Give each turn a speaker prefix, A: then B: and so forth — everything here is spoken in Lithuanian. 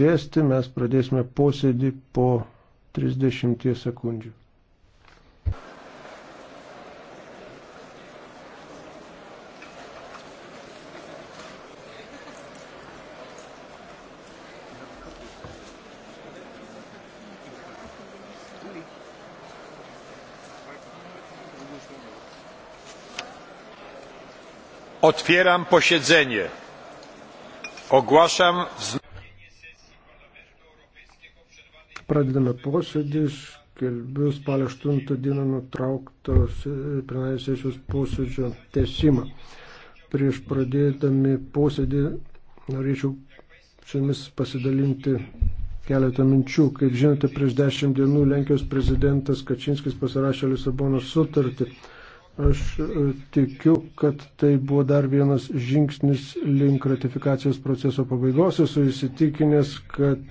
A: atsisėsti, mes pradėsime posėdį po 30 sekundžių.
B: Otwieram posiedzenie. Ogłaszam wznowienie.
A: Pradedame posėdį, skelbiu spalio 8 dieną nutrauktos plenarinės sesijos posėdžio tesimą. Prieš pradėdami posėdį norėčiau su jumis pasidalinti keletą minčių. Kaip žinote, prieš dešimt dienų Lenkijos prezidentas Kačinskis pasirašė Lisabonos sutartį. Aš e, tikiu, kad tai buvo dar vienas žingsnis link ratifikacijos proceso pabaigos. Esu įsitikinęs,
C: kad